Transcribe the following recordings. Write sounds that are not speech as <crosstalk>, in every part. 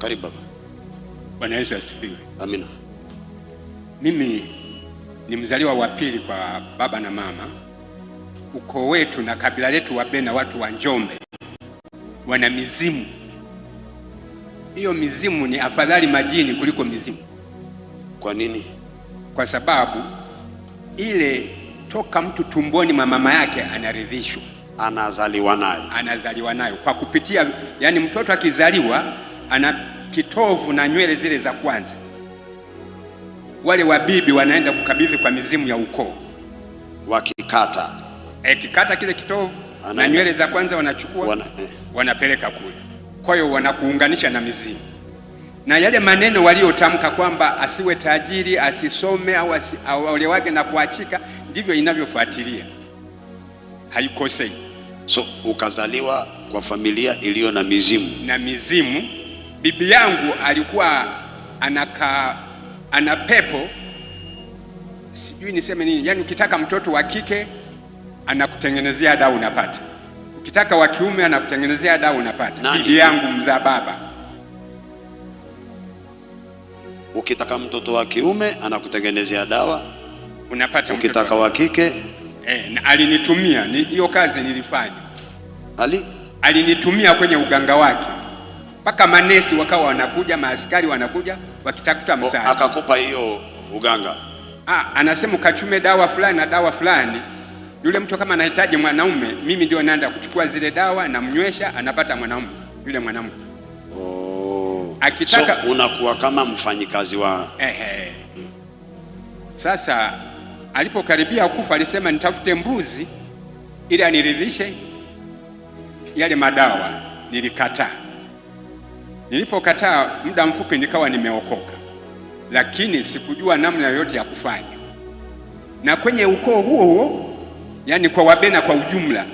Karibu baba. Bwana Yesu asifiwe. Amina. Mimi ni mzaliwa wa pili kwa baba na mama. Ukoo wetu na kabila letu Wabena, watu wa Njombe wana mizimu. Hiyo mizimu ni afadhali majini kuliko mizimu. Kwa nini? Kwa sababu ile toka mtu tumboni mwa mama yake anaridhishwa, anazaliwa nayo, anazaliwa nayo kwa kupitia, yani mtoto akizaliwa ana kitovu na nywele zile za kwanza, wale wabibi wanaenda kukabidhi kwa mizimu ya ukoo, wakikata e, kikata kile kitovu na nywele za kwanza wanachukua Wana, eh. wanapeleka kule, kwa hiyo wanakuunganisha na mizimu na yale maneno waliotamka kwamba asiwe tajiri, asisome au aolewage na kuachika, ndivyo inavyofuatilia, haikosei. So ukazaliwa kwa familia iliyo na mizimu na mizimu bibi yangu alikuwa anaka ana pepo sijui niseme nini, yani ukitaka mtoto wa kike anakutengenezea dawa unapata, ukitaka wa kiume anakutengenezea dawa unapata. Nani? bibi yangu mzaa baba. Ukitaka mtoto wa kiume anakutengenezea dawa unapata, ukitaka wa kike eh. Na alinitumia hiyo kazi nilifanya, ali alinitumia kwenye uganga wake mpaka manesi wakawa wanakuja, maaskari wanakuja wakitafuta msaada. Akakupa hiyo uganga? Ah, anasema ukachume dawa fulani na dawa fulani. Yule mtu kama anahitaji mwanaume, mimi ndio naenda kuchukua zile dawa, namnywesha, anapata mwanaume yule mwanamke. Oh. Akitaka so, unakuwa kama mfanyikazi wa ehe. Hmm. Sasa alipokaribia kufa alisema nitafute mbuzi ili aniridhishe yale madawa, nilikataa Nilipokataa muda mfupi nikawa nimeokoka, lakini sikujua namna yoyote ya kufanya. Na kwenye ukoo huo huo, yani kwa Wabena kwa ujumla,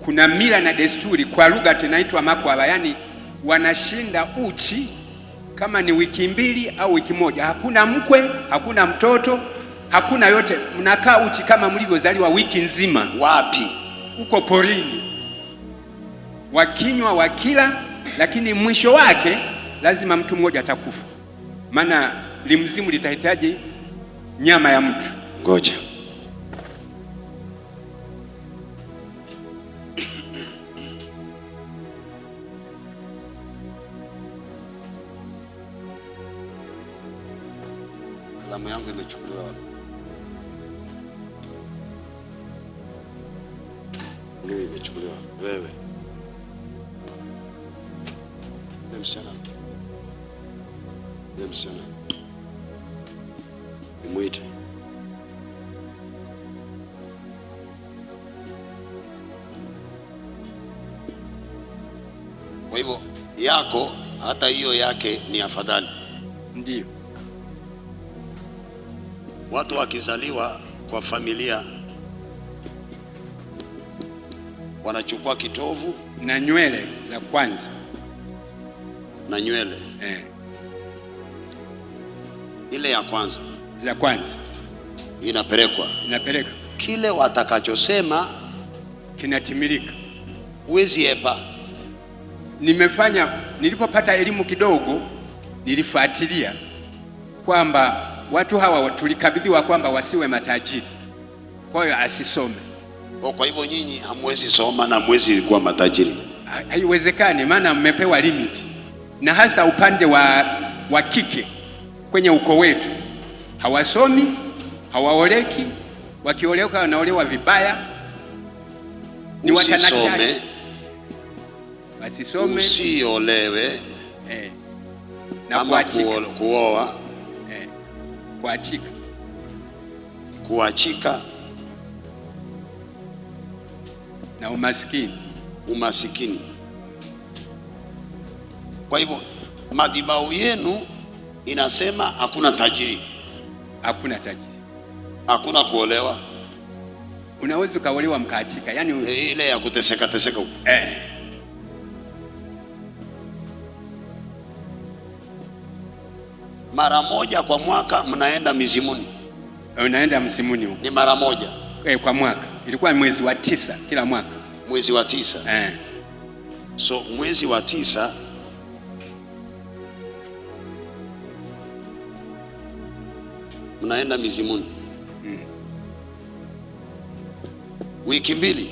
kuna mila na desturi, kwa lugha tunaitwa makwala, yani wanashinda uchi kama ni wiki mbili au wiki moja, hakuna mkwe, hakuna mtoto, hakuna yote, mnakaa uchi kama mlivyozaliwa wiki nzima. Wapi? Uko porini, wakinywa wakila lakini mwisho wake lazima mtu mmoja atakufa, maana limzimu litahitaji nyama ya mtu. Ngoja yake ni afadhali. Ndio watu wakizaliwa kwa familia wanachukua kitovu na nywele za kwanza na nywele eh, ile ya kwanza za kwanza inapelekwa inapeleka, kile watakachosema kinatimilika, huwezi epa nimefanya nilipopata elimu kidogo, nilifuatilia kwamba watu hawa tulikabidhiwa kwamba wasiwe matajiri, kwa hiyo asisome. Oh, kwa hivyo nyinyi hamwezi soma na mwezi kuwa matajiri, haiwezekani, maana mmepewa limit, na hasa upande wa, wa kike kwenye ukoo wetu hawasomi, hawaoleki, wakioleka wanaolewa vibaya, ni watanashati asisome, usiolewe eh, na ama kuoa eh, kuachika, kuachika na umasikini, umasikini. Kwa hivyo madhabahu yenu inasema hakuna tajiri, hakuna tajiri, hakuna kuolewa. Unaweza ukaolewa mkaachika, yani eh, ile ya kuteseka teseka huko eh mara moja kwa mwaka mnaenda mizimuni, unaenda eh, mzimuni, ni mara moja e, kwa mwaka. Ilikuwa mwezi wa tisa kila mwaka, mwezi wa tisa eh. So mwezi wa tisa mnaenda mizimuni hmm. Wiki mbili,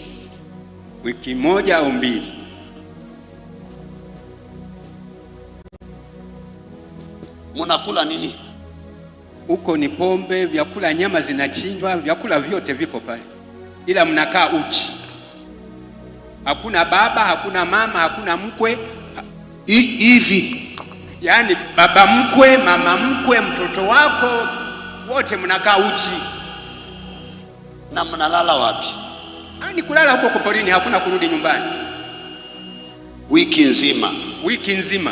wiki moja au mbili mnakula nini? Huko ni pombe, vyakula, nyama zinachinjwa, vyakula vyote vipo pale, ila mnakaa uchi. Hakuna baba, hakuna mama, hakuna mkwe hivi, yaani baba mkwe, mama mkwe, mtoto wako wote mnakaa uchi. Na mnalala wapi? Ni yaani, kulala huko koporini, hakuna kurudi nyumbani. Wiki nzima, wiki nzima,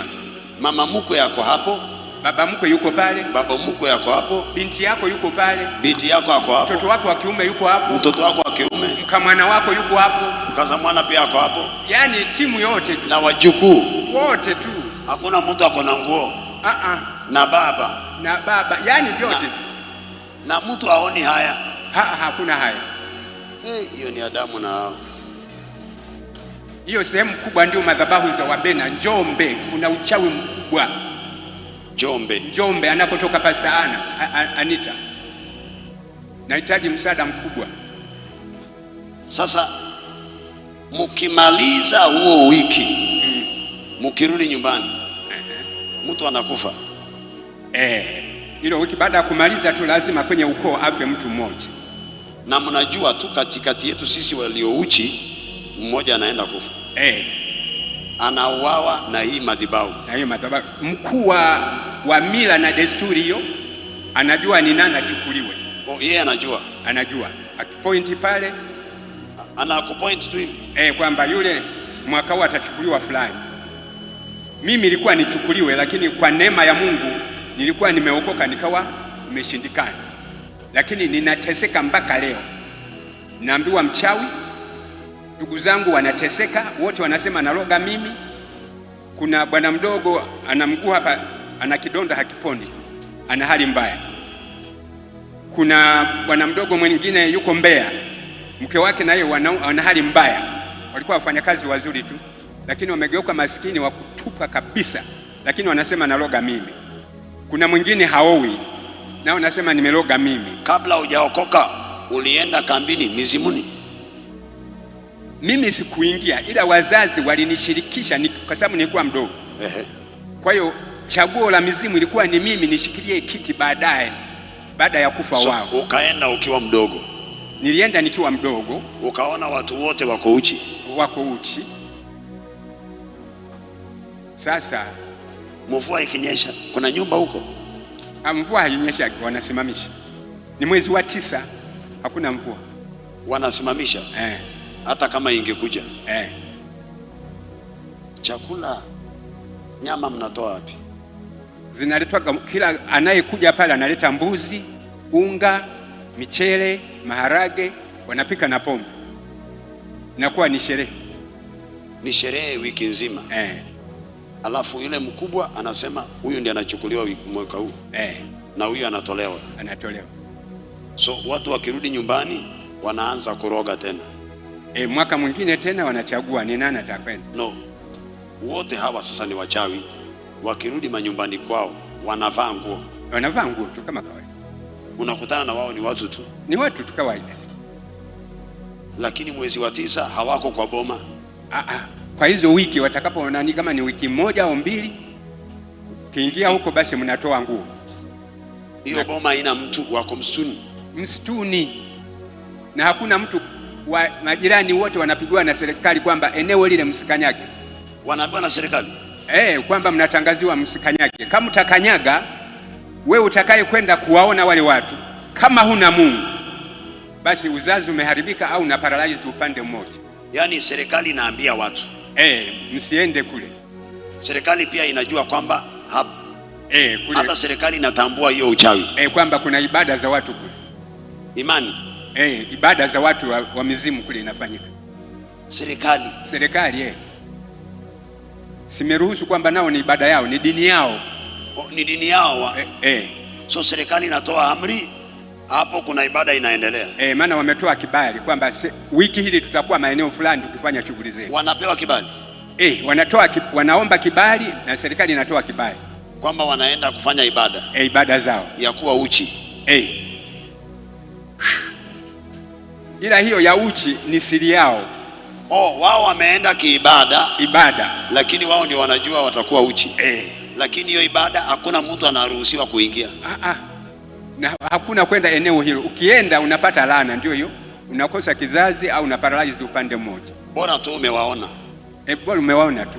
mama mkwe yako hapo Baba mkwe yuko pale, baba mkwe yako hapo, binti yako yuko pale, binti yako yako hapo, mtoto wako wa kiume yuko hapo, mtoto wako wa kiume, mkamwana wako yuko hapo, mwana pia yako hapo, yaani timu yote tu na wajukuu wote tu, hakuna mtu ako na nguo uh -uh. na baba na baba, yaani vyote na, na mtu aoni haya ha, hakuna haya eh, hiyo. Hey, ni Adamu na Hiyo sehemu kubwa ndio madhabahu za Wabena Njombe, kuna uchawi mkubwa. Njombe, Njombe anakotoka Pastor Ana, Anita, nahitaji msaada mkubwa. Sasa mkimaliza huo wiki mm, mkirudi nyumbani uh -huh. mtu anakufa eh, hilo wiki baada ya kumaliza tu lazima kwenye ukoo afe mtu mmoja, na mnajua tu katikati yetu sisi waliouchi mmoja anaenda kufa eh anauawa na hii madhabahu, na hii madhabahu. Mkuu wa mila na desturi hiyo anajua ni nani achukuliwe. Oh, yeye anajua, anajua akipointi pale, anakupointi tu hivi eh, kwamba yule mwaka huu atachukuliwa fulani. Mimi nilikuwa nichukuliwe, lakini kwa neema ya Mungu nilikuwa nimeokoka nikawa nimeshindikana, lakini ninateseka mpaka leo, naambiwa mchawi ndugu zangu wanateseka wote, wanasema naroga mimi. Kuna bwana mdogo ana mguu hapa, ana kidonda hakiponi, ana hali mbaya. Kuna bwana mdogo mwingine yuko Mbeya, mke wake naye wana hali mbaya. Walikuwa wafanyakazi wazuri tu, lakini wamegeuka maskini wa kutupa kabisa, lakini wanasema naroga mimi. Kuna mwingine haowi, nao nasema nimeroga mimi. Kabla hujaokoka ulienda kambini mizimuni mimi sikuingia, ila wazazi walinishirikisha kwa sababu nilikuwa mdogo. Kwa hiyo chaguo la mizimu ilikuwa ni mimi nishikilie kiti baadaye, baada ya kufa so, wao. Ukaenda ukiwa mdogo? Nilienda nikiwa mdogo. Ukaona watu wote wako uchi? Wako uchi. Sasa mvua ikinyesha, kuna nyumba huko? Ah, mvua hainyesha, wanasimamisha. Ni mwezi wa tisa, hakuna mvua, wanasimamisha eh hata kama ingekuja eh. Chakula, nyama mnatoa wapi? Zinaletwa kila anayekuja pale analeta mbuzi, unga, michele, maharage, wanapika na pombe, inakuwa ni sherehe, ni sherehe wiki nzima eh. Alafu yule mkubwa anasema huyu ndiye anachukuliwa mwaka huu eh. Na huyu anatolewa, anatolewa. So watu wakirudi nyumbani wanaanza kuroga tena. E, mwaka mwingine tena wanachagua ni nani atakwenda. No, wote hawa sasa ni wachawi. Wakirudi manyumbani kwao wanavaa nguo, wanavaa nguo tu kama kawaida. Unakutana na wao ni watu tu, ni watu tu kawaida, lakini mwezi wa tisa hawako kwa boma. Aa, ah, ah. kwa hizo wiki watakapo nani, kama ni wiki moja au mbili, kiingia huko basi mnatoa nguo hiyo. Boma haina mtu, wako msituni, msituni na hakuna mtu wa majirani wote wanapigiwa na serikali kwamba eneo lile msikanyage, wanaambiwa na serikali eh, kwamba mnatangaziwa msikanyage. Kama utakanyaga we utakaye kwenda kuwaona wale watu, kama huna Mungu basi uzazi umeharibika au na paralyze upande mmoja. Yaani serikali inaambia watu eh, msiende kule. Serikali pia inajua kwamba hapa eh, kule hata serikali inatambua hiyo uchawi eh, kwamba kuna ibada za watu kule, imani eh, ibada za watu wa, wa mizimu kule inafanyika serikali serikali eh. Simeruhusu kwamba nao ni ibada yao, ni dini yao, o, ni dini yao eh, eh. So serikali inatoa amri hapo, kuna ibada inaendelea eh, maana wametoa kibali kwamba wiki hili tutakuwa maeneo fulani tukifanya shughuli zetu. Wanapewa kibali eh, wanatoa wanaomba kibali na serikali inatoa kibali kwamba wanaenda kufanya ibada eh, ibada zao ya kuwa uchi eh ila hiyo ya uchi ni siri yao. Oh, wao wameenda kiibada ibada, lakini wao ndio wanajua watakuwa uchi eh. Lakini hiyo ibada hakuna mtu anaruhusiwa kuingia ah, ah. Na hakuna kwenda eneo hilo, ukienda unapata laana, ndio hiyo unakosa kizazi au unaparalyze upande mmoja. Bora tu umewaona eh, bora umewaona tu,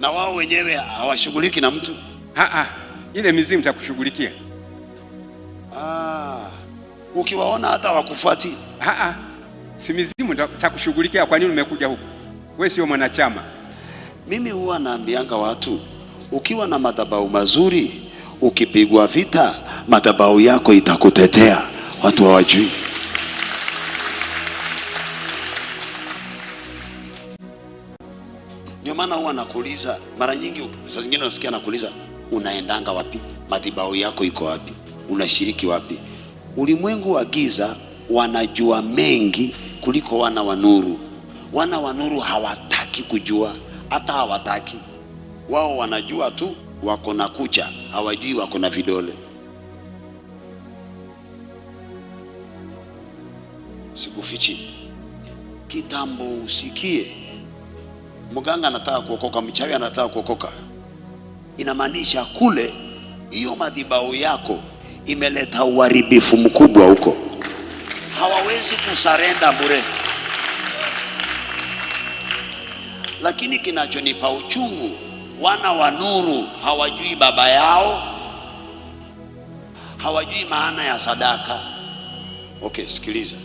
na wao wenyewe hawashughuliki na mtu ah, ah. Ile mizimu takushughulikia ah ukiwaona hata wakufuatii. Si mizimu nitakushughulikia. Kwa nini umekuja huku? Wewe sio mwanachama. Mimi huwa naambianga watu, ukiwa na madhabahu mazuri, ukipigwa vita, madhabahu yako itakutetea. Watu hawajui Ndio maana huwa nakuuliza mara nyingi, saa zingine nasikia nakuuliza, unaendanga wapi? Madhabahu yako iko wapi? Unashiriki wapi? Ulimwengu wa giza wanajua mengi kuliko wana wa nuru. Wana wa nuru hawataki kujua, hata hawataki. Wao wanajua tu wako na kucha, hawajui wako na vidole. Sikufichi, kitambo usikie mganga anataka kuokoka, mchawi anataka kuokoka, inamaanisha kule hiyo madhibao yako imeleta uharibifu mkubwa huko, hawawezi kusarenda bure. Lakini kinachonipa uchungu, wana wa nuru hawajui baba yao, hawajui maana ya sadaka. Okay, sikiliza,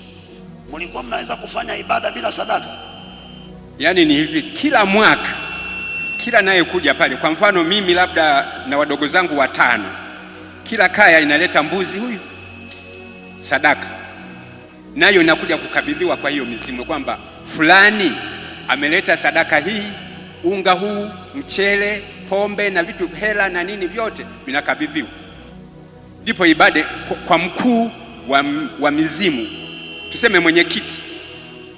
mlikuwa mnaweza kufanya ibada bila sadaka? Yaani ni hivi, kila mwaka, kila nayekuja pale, kwa mfano mimi labda na wadogo zangu watano kila kaya inaleta mbuzi huyu sadaka, nayo inakuja kukabidhiwa kwa hiyo mizimu, kwamba fulani ameleta sadaka hii, unga huu, mchele, pombe na vitu, hela na nini, vyote vinakabidhiwa. Ndipo ibada kwa mkuu wa, wa mizimu, tuseme mwenyekiti,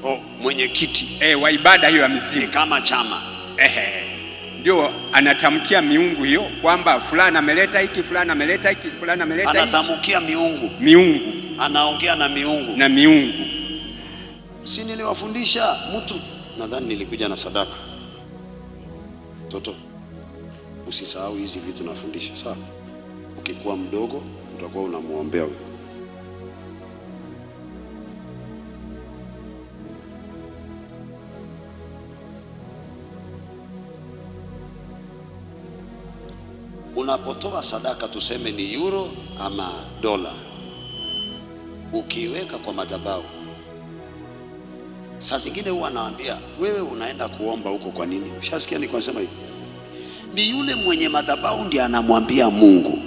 oh, mwenyekiti eh, wa ibada hiyo ya mizimu, ni kama chama ehe ndio anatamkia miungu hiyo kwamba fulani ameleta hiki, fulani ameleta hiki, fulani ameleta hiki. Anatamkia miungu, miungu anaongea na miungu na miungu. Si niliwafundisha mtu, nadhani nilikuja na sadaka. Toto, usisahau hizi vitu nafundisha, sawa? Ukikuwa mdogo utakuwa unamwombea tunapotoa sadaka tuseme ni euro ama dola, ukiweka kwa madhabahu, saa zingine huwa anawaambia wewe unaenda kuomba huko kwa nini? Ushasikia niko hivi? Ni yule mwenye madhabahu ndiye anamwambia Mungu,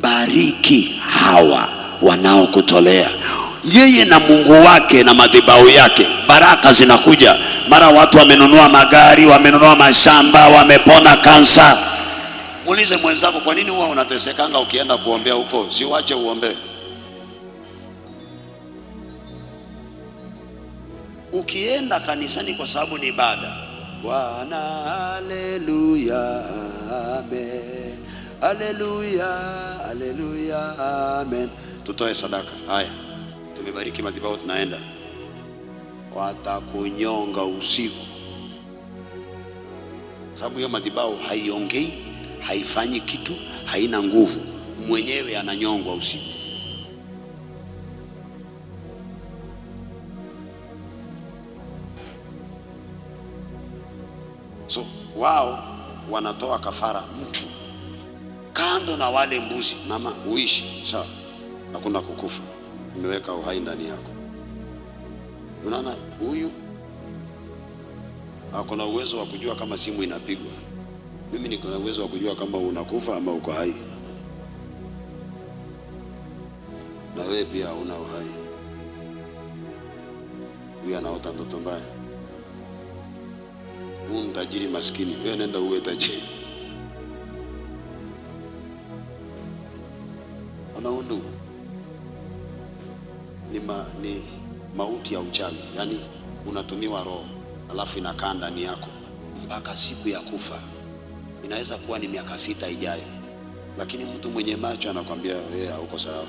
bariki hawa wanaokutolea yeye na Mungu wake na madhabahu yake, baraka zinakuja. Mara watu wamenunua magari, wamenunua mashamba, wamepona kansa Muulize mwenzako, kwa nini huwa unatesekanga ukienda kuombea huko? siwache uombee. Ukienda kanisani kwa sababu ni ibada. Bwana haleluya, amen, haleluya, haleluya, amen. Tutoe sadaka. Haya, tumebariki madhabahu, tunaenda. Watakunyonga usiku, sababu hiyo madhabahu haiongei haifanyi kitu, haina nguvu, mwenyewe ananyongwa usiku. So wao wanatoa kafara mtu kando na wale mbuzi. Mama uishi sawa, hakuna kukufa, nimeweka uhai ndani yako. Unaona, huyu ako na uwezo wa kujua kama simu inapigwa mimi niko na uwezo wa kujua kama unakufa ama uko hai, na wewe pia una uhai. Huyu anaota ndoto mbaya, huu mtajiri maskini. Wewe nenda uwe tajiri. Anaundu ni, ma, ni mauti ya uchawi, yaani unatumiwa roho alafu inakaa ndani yako mpaka siku ya kufa inaweza kuwa ni miaka sita ijayo, lakini mtu mwenye macho anakwambia yeye eh, hauko sawa,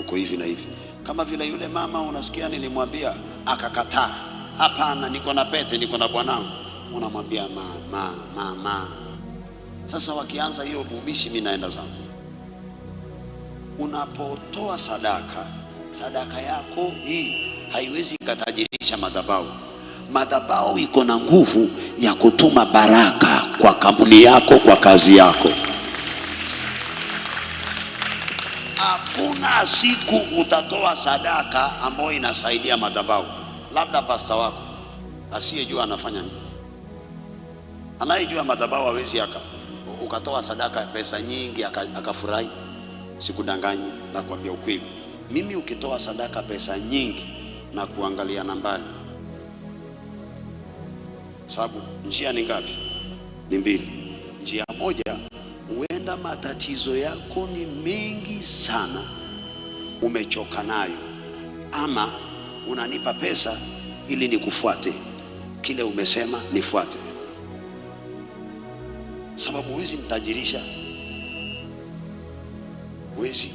uko hivi na hivi. Kama vile yule mama unasikia, nilimwambia akakataa, hapana, niko na pete, niko na bwanangu. Unamwambia mama, mama. Sasa wakianza hiyo bubishi, mimi naenda zangu. Unapotoa sadaka, sadaka yako hii haiwezi ikatajirisha madhabahu. Madhabahu iko na nguvu ya kutuma baraka kwa kampuni yako, kwa kazi yako. Hakuna siku utatoa sadaka ambayo inasaidia madhabahu, labda pasta wako asiyejua anafanya nini. Anayejua madhabahu hawezi aka ukatoa sadaka pesa nyingi akafurahi. Sikudanganyi na kuambia ukweli, mimi ukitoa sadaka pesa nyingi na kuangalia nambari sababu njia ni ngapi? Ni mbili. Njia moja, huenda matatizo yako ni mengi sana, umechoka nayo, ama unanipa pesa ili nikufuate kile umesema nifuate, sababu huwezi mtajirisha, huwezi.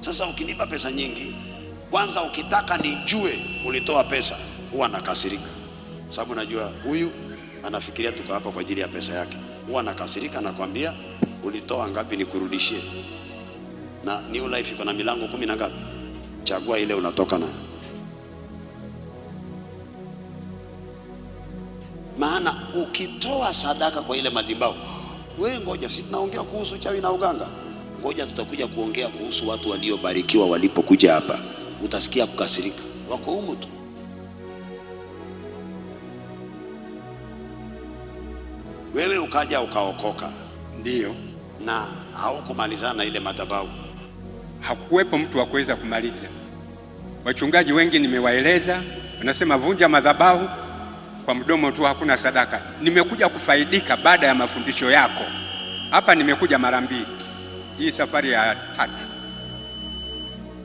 Sasa ukinipa pesa nyingi, kwanza ukitaka nijue ulitoa pesa huwa nakasirika, sababu najua huyu anafikiria tuko hapa kwa ajili ya pesa yake. Huwa nakasirika, nakwambia ulitoa ngapi nikurudishie. Na New Life iko na milango kumi na ngapi? Chagua ile unatoka nayo, maana ukitoa sadaka kwa ile madhabahu we, ngoja, si tunaongea kuhusu chawi na uganga, ngoja tutakuja kuongea kuhusu watu waliobarikiwa walipokuja hapa, utasikia kukasirika, wako humu tu. Wewe ukaja ukaokoka, ndiyo, na haukumalizana na ile madhabahu. Hakuwepo mtu wa kuweza kumaliza. Wachungaji wengi nimewaeleza, wanasema vunja madhabahu kwa mdomo tu, hakuna sadaka. Nimekuja kufaidika baada ya mafundisho yako hapa. Nimekuja mara mbili, hii safari ya tatu,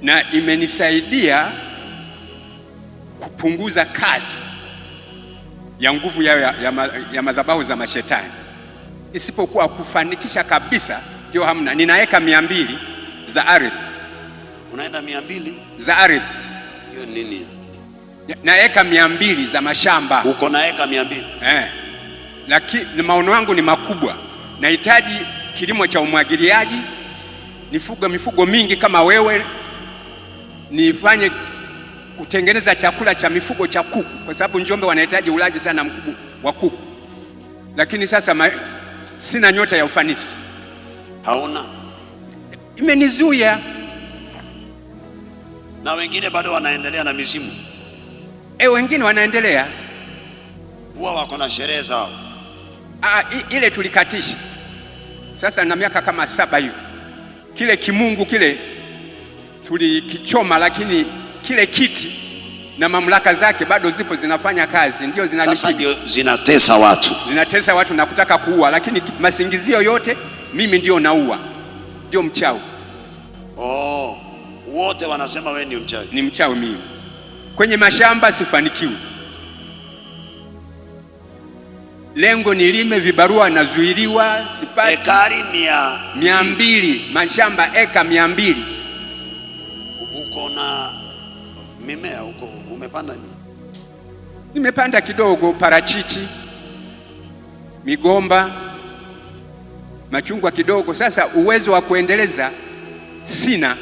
na imenisaidia kupunguza kasi ya nguvu yao ya, ya, ma, ya madhabahu za mashetani, isipokuwa kufanikisha kabisa, ndio hamna. Ninaweka mia mbili za ardhi, unaenda mia mbili za ardhi. Hiyo nini? Naweka mia mbili za mashamba, uko naweka mia mbili eh, lakini maono yangu ni makubwa. Nahitaji kilimo cha umwagiliaji, nifuge mifugo mingi kama wewe, nifanye kutengeneza chakula cha mifugo cha kuku, kwa sababu Njombe wanahitaji ulaji sana mkubwa wa kuku, lakini sasa ma, sina nyota ya ufanisi, hauna imenizuia, na wengine bado wanaendelea na mizimu e, wengine wanaendelea huwa wako na sherehe zao. Ah, ile tulikatisha sasa, na miaka kama saba hivi, kile kimungu kile tulikichoma, lakini kile kiti na mamlaka zake bado zipo zinafanya kazi, ndio sasa ndio zinatesa watu, zinatesa watu na kutaka kuua, lakini masingizio yote mimi ndio naua, ndio mchawi. Oh, wote wanasema wewe ndio mchawi. Ni mchawi mimi, kwenye mashamba sifanikiwi, lengo nilime vibarua nazuiliwa, sipati ekari mia, mia mbili, mashamba eka mia mbili uko na mimea huko umepanda nini? Nimepanda kidogo parachichi, migomba, machungwa kidogo. Sasa uwezo wa kuendeleza sina,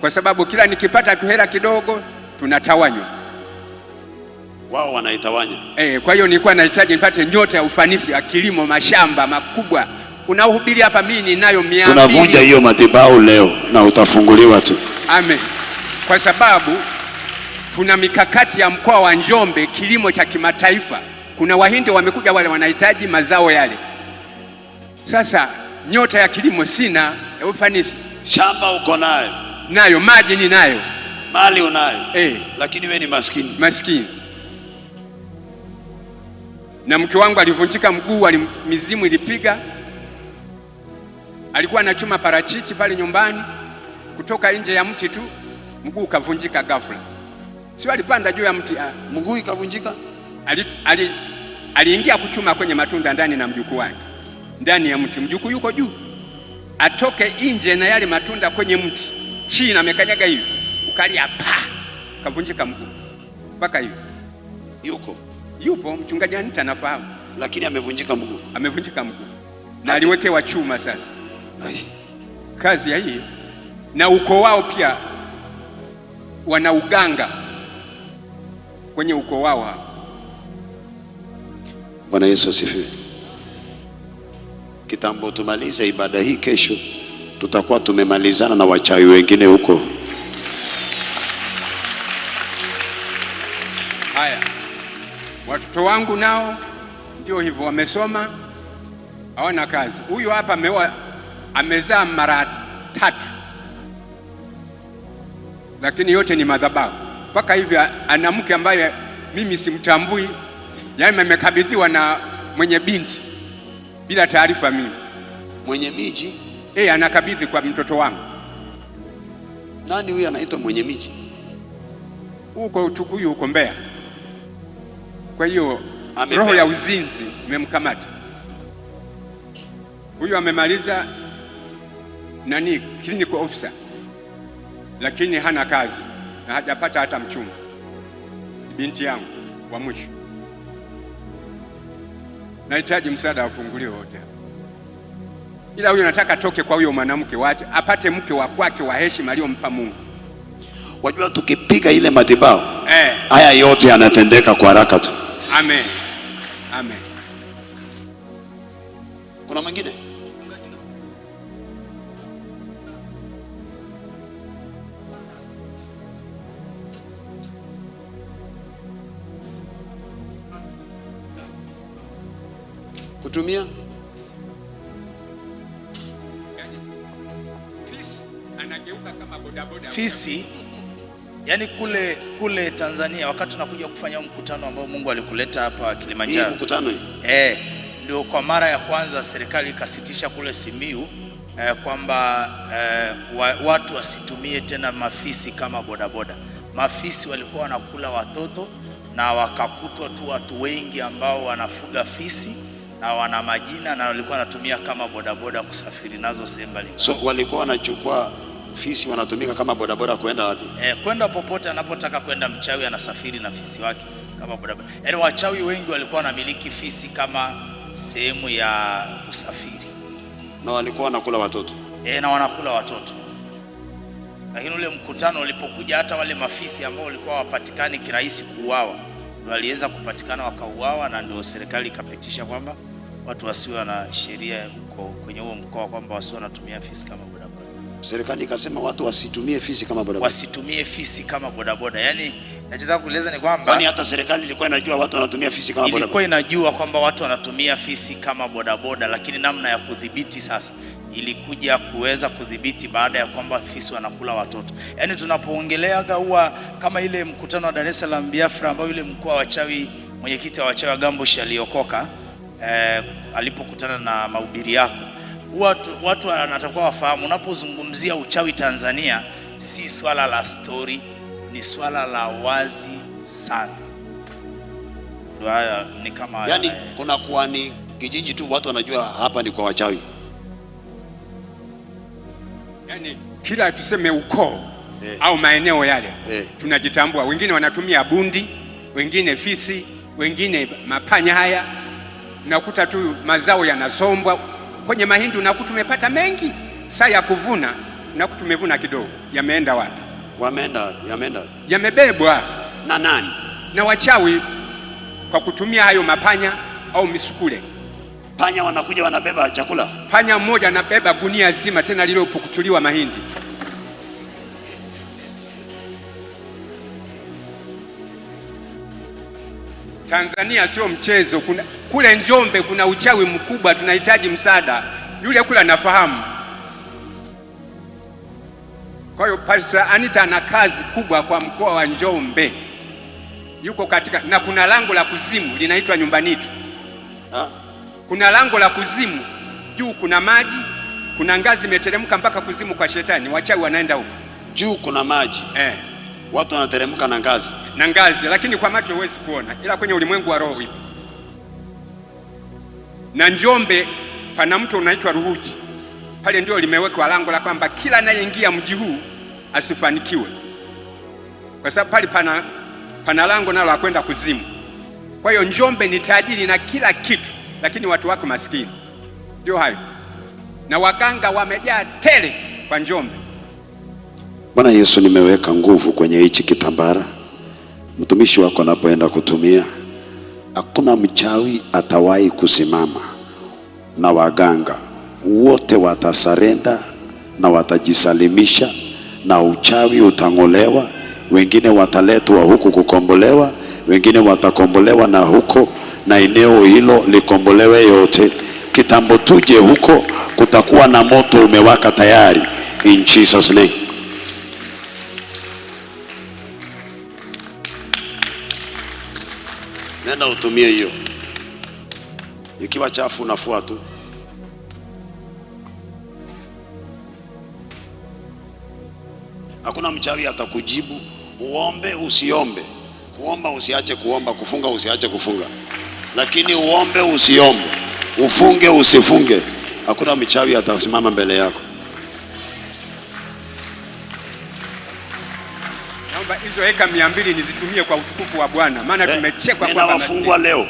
kwa sababu kila nikipata tu hela kidogo tunatawanywa, wao wanaitawanya. eh. kwa hiyo nilikuwa nahitaji nipate nyota ya ufanisi wa kilimo, mashamba makubwa unaohubiri hapa, mimi ninayo mia. Tunavunja hiyo madhabahu leo na utafunguliwa tu. Amen. Kwa sababu tuna mikakati ya mkoa wa Njombe, kilimo cha kimataifa. Kuna wahindi wamekuja wale wanahitaji mazao yale. Sasa nyota ya kilimo sina, ufanisi. Shamba uko nayo, nayo maji ni nayo, mali unayo eh, lakini wewe ni maskini, maskini. Na mke wangu alivunjika mguu, mizimu ilipiga, alikuwa anachuma parachichi pale nyumbani, kutoka nje ya mti tu mguu ukavunjika ghafla. Sio alipanda juu ya mti, ah, mguu ikavunjika. Ali, aliingia kuchuma kwenye matunda ndani na mjukuu wake ndani ya mti. Mjukuu yuko juu, atoke nje na yale matunda kwenye mti chini, amekanyaga hivi, ukalia pa, kavunjika mguu mpaka hivi. Yuko yupo mchungaji Anita, nafahamu, lakini amevunjika mguu, amevunjika mguu na aliwekewa chuma. Sasa kazi ya hii na ukoo wao pia wana uganga kwenye ukoo wao hapo. Bwana Yesu asifiwe. Kitambo tumalize ibada hii, kesho tutakuwa tumemalizana na wachawi wengine huko. Haya, watoto wangu nao ndio hivyo, wamesoma hawana kazi. Huyu hapa ameoa, amezaa mara tatu, lakini yote ni madhabahu mpaka hivi ana mke ambaye mimi simtambui, yaani amekabidhiwa na mwenye binti bila taarifa mimi. Mwenye miji eh, anakabidhi kwa mtoto wangu. Nani huyu anaitwa mwenye miji? Huko Tukuyu, huko Mbeya. Kwa hiyo roho ya uzinzi imemkamata huyu, amemaliza nani clinical officer, lakini hana kazi na hajapata hata mchumba. Binti yangu wa mwisho, nahitaji msaada wa fungulio wote, ila huyo nataka toke kwa huyo mwanamke, waache apate mke wa kwake wa heshima aliyompa Mungu. Wajua, tukipiga ile madhabahu eh, haya yote yanatendeka kwa haraka tu. Amen. Amen. Kuna mwingine kutumia yaani, fisi yani kule kule Tanzania wakati tunakuja kufanya mkutano ambao Mungu alikuleta hapa Kilimanjaro. Hii mkutano eh, ndio kwa mara ya kwanza serikali ikasitisha kule Simiu eh, kwamba eh, watu wasitumie tena mafisi kama bodaboda. Mafisi walikuwa wanakula watoto na wakakutwa tu watu wengi ambao wanafuga fisi na wana majina na walikuwa wanatumia kama bodaboda kusafiri nazo sehemu mbalimbali. So walikuwa wanachukua fisi wanatumika kama bodaboda kwenda wapi? Eh, kwenda popote anapotaka kwenda mchawi anasafiri na fisi wake kama bodaboda. Yaani wachawi wengi walikuwa wanamiliki fisi kama sehemu ya usafiri. Na walikuwa wanakula watoto. Eh, na wanakula watoto. Lakini ule mkutano ulipokuja hata wale mafisi ambao walikuwa wapatikani kirahisi kuuawa, waliweza kupatikana wakauawa na ndio serikali ikapitisha kwamba watu wasio na sheria huko kwenye huo mkoa kwamba wasio wanatumia fisi kama bodaboda. Serikali ikasema watu wasitumie fisi kama bodaboda, wasitumie fisi kama bodaboda. Yaani nachotaka kueleza ni kwamba kwani hata serikali ilikuwa inajua watu wanatumia fisi kama bodaboda, ilikuwa inajua kwamba watu wanatumia fisi kama bodaboda, lakini namna ya kudhibiti sasa ilikuja kuweza kudhibiti baada ya kwamba fisi wanakula watoto. Yaani tunapoongeleaga huwa kama ile mkutano wa Dar es Salaam Biafra, ambao yule mkuu wa wachawi, mwenyekiti wa wachawi wa Gambushi aliokoka eh, alipokutana na mahubiri yako. Watu, watu wanatakuwa wafahamu unapozungumzia uchawi Tanzania, si swala la stori, ni swala la wazi sana. Haya ni kama yani, eh, kuna kuwa ni kijiji tu, watu wanajua hapa ni kwa wachawi. Yani kila tuseme ukoo eh, au maeneo yale eh, tunajitambua. Wengine wanatumia bundi, wengine fisi, wengine mapanya haya unakuta tu mazao yanasombwa kwenye mahindi, unakuta umepata mengi, saa ya kuvuna unakuta umevuna kidogo. Yameenda wapi? Wameenda, yameenda, yamebebwa na nani? Na wachawi, kwa kutumia hayo mapanya au misukule. Panya wanakuja wanabeba chakula. Panya mmoja anabeba gunia zima, tena lililopukuchuliwa mahindi. Tanzania sio mchezo. Kuna kule Njombe kuna uchawi mkubwa, tunahitaji msaada. Yule kule anafahamu. Kwa hiyo Pastor Anita ana kazi kubwa kwa mkoa wa Njombe, yuko katika, na kuna lango la kuzimu linaitwa nyumbanitu ah. Kuna lango la kuzimu, juu kuna maji, kuna ngazi imeteremka mpaka kuzimu kwa shetani, wachawi wanaenda huko juu. Kuna maji eh, watu wanateremka na ngazi na ngazi, lakini kwa macho huwezi kuona, ila kwenye ulimwengu wa roho ipo na Njombe pana mto unaitwa Ruhuji, pale ndio limewekwa lango la kwamba kila anayeingia mji huu asifanikiwe, kwa sababu pale pana, pana lango nalo la kwenda kuzimu. Kwa hiyo Njombe ni tajiri na kila kitu, lakini watu wako masikini. Ndio hayo, na waganga wamejaa tele kwa Njombe. Bwana Yesu, nimeweka nguvu kwenye hichi kitambara, mtumishi wako anapoenda kutumia Hakuna mchawi atawahi kusimama, na waganga wote watasarenda na watajisalimisha, na uchawi utang'olewa. Wengine wataletwa huku kukombolewa, wengine watakombolewa na huko, na eneo hilo likombolewe yote. Kitambo tuje huko, kutakuwa na moto umewaka tayari, in Jesus name. tumie hiyo. Ikiwa chafu unafua tu. Hakuna mchawi atakujibu. Uombe usiombe, kuomba usiache kuomba, kufunga usiache kufunga, lakini uombe usiombe, ufunge usifunge, hakuna mchawi atasimama mbele yako. hizo eka mia mbili nizitumie kwa utukufu wa Bwana, maana eh, tumechekwa. Ninawafungua leo,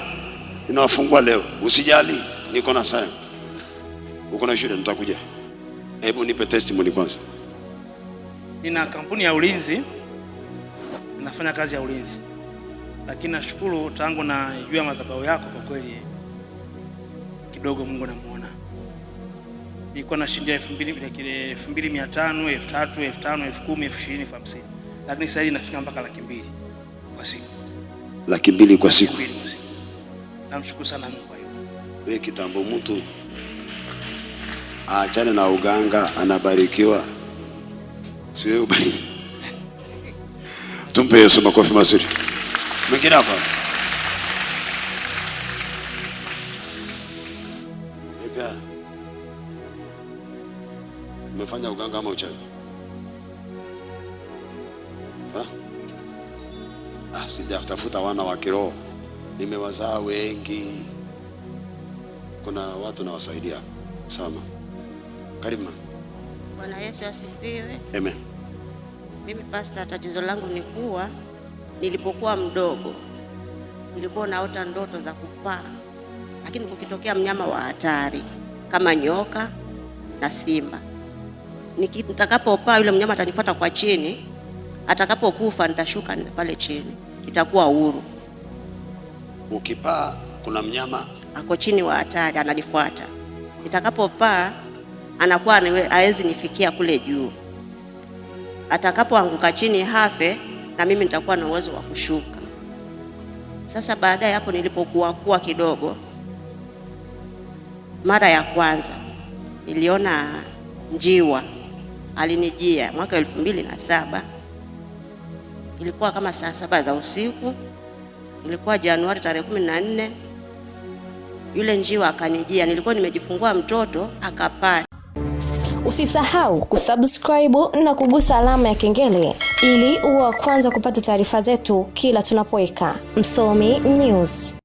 ninawafungua leo, usijali, niko na sana. Uko na shule nitakuja. Hebu nipe testimony kwanza. Nina kampuni ya ulinzi, nafanya kazi ya ulinzi, lakini nashukuru tangu na jua madhabahu yako, kwa kweli kidogo Mungu namuona nilikuwa nashindia elfu mbili mia tano elfu tatu elfu tano elfu kumi elfu ishirini elfu hamsini lakini sasa hivi nafika mpaka laki mbili kwa siku, laki mbili kwa siku. Namshukuru sana Mungu kwa hiyo. Wewe kitambo, mtu aachane na uganga, anabarikiwa Si wewe ubali. <laughs> Tumpe Yesu makofi mazuri. Mwingine hapa umefanya uganga ama uchawi? sijatafuta wana wa kiroho, nimewazaa wengi. Kuna watu nawasaidia sama. Karibu Bwana Yesu asifiwe. Amen. Mimi pastor, tatizo langu ni kuwa nilipokuwa mdogo nilikuwa naota ndoto za kupaa, lakini kukitokea mnyama wa hatari kama nyoka na simba, nitakapopaa yule mnyama atanifuata kwa chini, atakapokufa nitashuka pale chini itakuwa uhuru. Ukipaa kuna mnyama ako chini wa hatari, analifuata itakapopaa anakuwa hawezi nifikia kule juu, atakapoanguka chini hafe, na mimi nitakuwa na uwezo wa kushuka. Sasa baadaye hapo nilipokuwa kuwa kidogo, mara ya kwanza niliona njiwa alinijia mwaka elfu mbili na saba ilikuwa kama saa saba za usiku, ilikuwa Januari tarehe kumi na nne. Yule njiwa akanijia, nilikuwa nimejifungua mtoto akapaa. Usisahau kusubscribe na kugusa alama ya kengele ili uwe wa kwanza kupata taarifa zetu kila tunapoweka. Msomi News.